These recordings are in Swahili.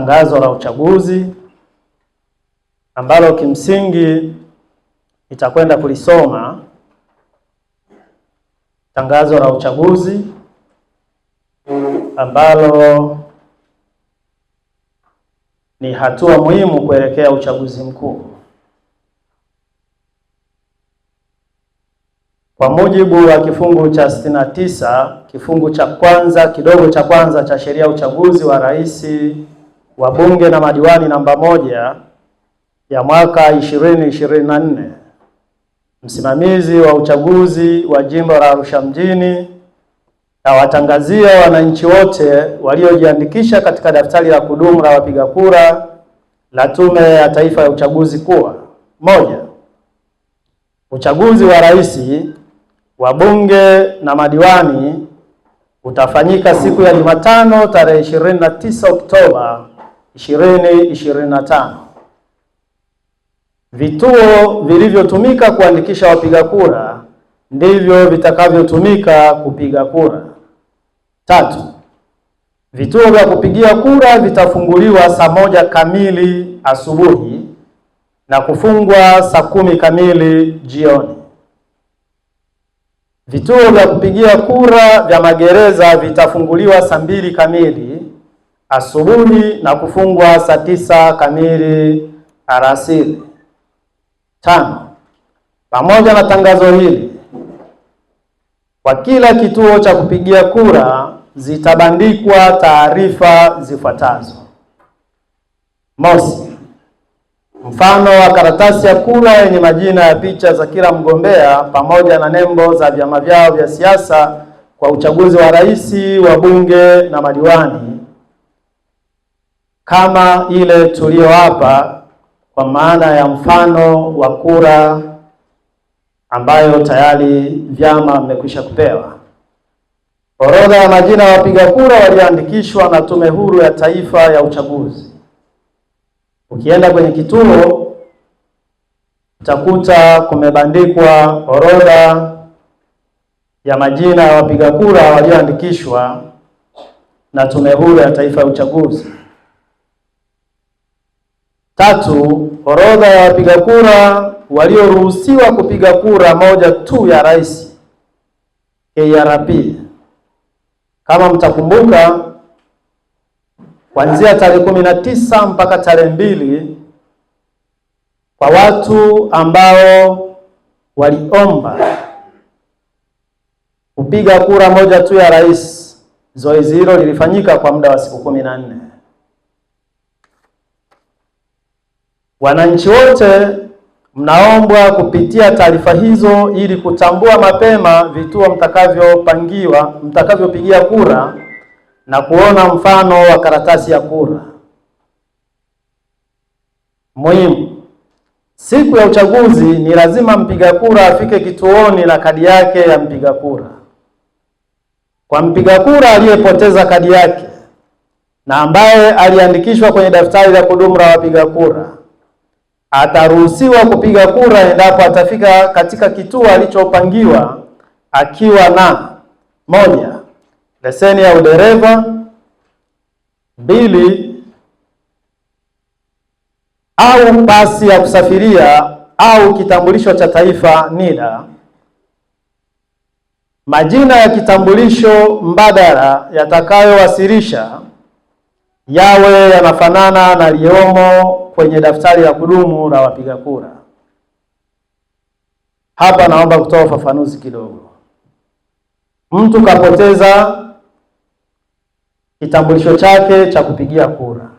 Tangazo la uchaguzi ambalo kimsingi nitakwenda kulisoma. Tangazo la uchaguzi ambalo ni hatua muhimu kuelekea uchaguzi mkuu. Kwa mujibu wa kifungu cha 69 kifungu cha kwanza kidogo cha kwanza cha sheria ya uchaguzi wa rais wa bunge na madiwani namba moja ya mwaka 2024, msimamizi wa uchaguzi wa jimbo la Arusha mjini, na watangazia wananchi wote waliojiandikisha katika daftari la kudumu la wapiga kura la Tume ya Taifa ya Uchaguzi kuwa: moja, uchaguzi wa rais, wabunge na madiwani utafanyika siku ya Jumatano tarehe 29 Oktoba 2025. Vituo vilivyotumika kuandikisha wapiga kura ndivyo vitakavyotumika kupiga kura. Tatu, vituo vya kupigia kura vitafunguliwa saa moja kamili asubuhi na kufungwa saa kumi kamili jioni. Vituo vya kupigia kura vya magereza vitafunguliwa saa mbili kamili asubuhi na kufungwa saa tisa kamili alasiri. Tano, pamoja na tangazo hili, kwa kila kituo cha kupigia kura zitabandikwa taarifa zifuatazo: mosi, mfano wa karatasi ya kura yenye majina ya picha za kila mgombea pamoja na nembo za vyama vyao vya siasa kwa uchaguzi wa rais, wa bunge na madiwani kama ile tuliyowapa kwa maana ya mfano wa kura ambayo tayari vyama mmekwisha kupewa. Orodha ya majina ya wapiga kura walioandikishwa na Tume Huru ya Taifa ya Uchaguzi. Ukienda kwenye kituo utakuta kumebandikwa orodha ya majina ya wapiga kura walioandikishwa na Tume Huru ya Taifa ya Uchaguzi. Tatu, orodha ya wapiga kura walioruhusiwa kupiga kura moja tu ya rais KRP. Kama mtakumbuka, kuanzia tarehe kumi na tisa mpaka tarehe mbili kwa watu ambao waliomba kupiga kura moja tu ya rais, zoezi hilo lilifanyika kwa muda wa siku kumi na nne. Wananchi wote mnaombwa kupitia taarifa hizo ili kutambua mapema vituo mtakavyopangiwa, mtakavyopigia kura na kuona mfano wa karatasi ya kura. Muhimu, siku ya uchaguzi ni lazima mpiga kura afike kituoni na kadi yake ya mpiga kura. Kwa mpiga kura aliyepoteza kadi yake na ambaye aliandikishwa kwenye daftari la kudumu la wapiga kura ataruhusiwa kupiga kura endapo atafika katika kituo alichopangiwa akiwa na moja, leseni ya udereva; mbili, au pasi ya kusafiria au kitambulisho cha taifa NIDA, majina ya kitambulisho mbadala yatakayowasilisha yawe yanafanana na liomo kwenye daftari la kudumu la wapiga kura. Hapa naomba kutoa ufafanuzi kidogo. Mtu kapoteza kitambulisho chake cha kupigia kura,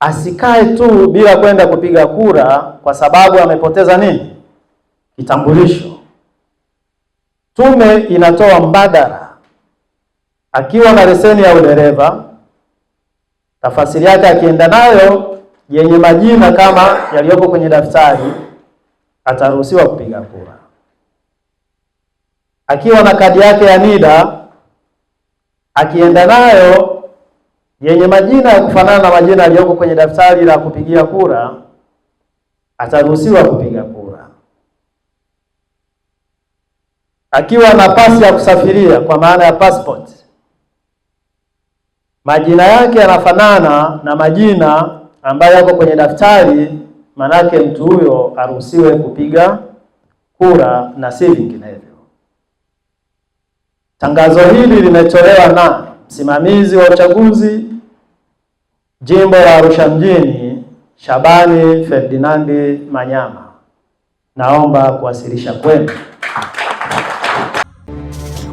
asikae tu bila kwenda kupiga kura kwa sababu amepoteza nini? Kitambulisho. Tume inatoa mbadala. Akiwa na leseni ya udereva tafasiri yake akienda nayo yenye majina kama yaliyopo kwenye daftari ataruhusiwa kupiga kura. Akiwa na kadi yake ya NIDA akienda nayo yenye majina ya kufanana na majina yaliyoko kwenye daftari la kupigia kura ataruhusiwa kupiga kura. Akiwa na pasi ya kusafiria kwa maana ya passport majina yake yanafanana na majina ambayo yako kwenye daftari, manake mtu huyo aruhusiwe kupiga kura na si vinginevyo. Tangazo hili limetolewa na msimamizi wa uchaguzi jimbo la Arusha mjini, Shabani Ferdinandi Manyama. Naomba kuwasilisha kwenu.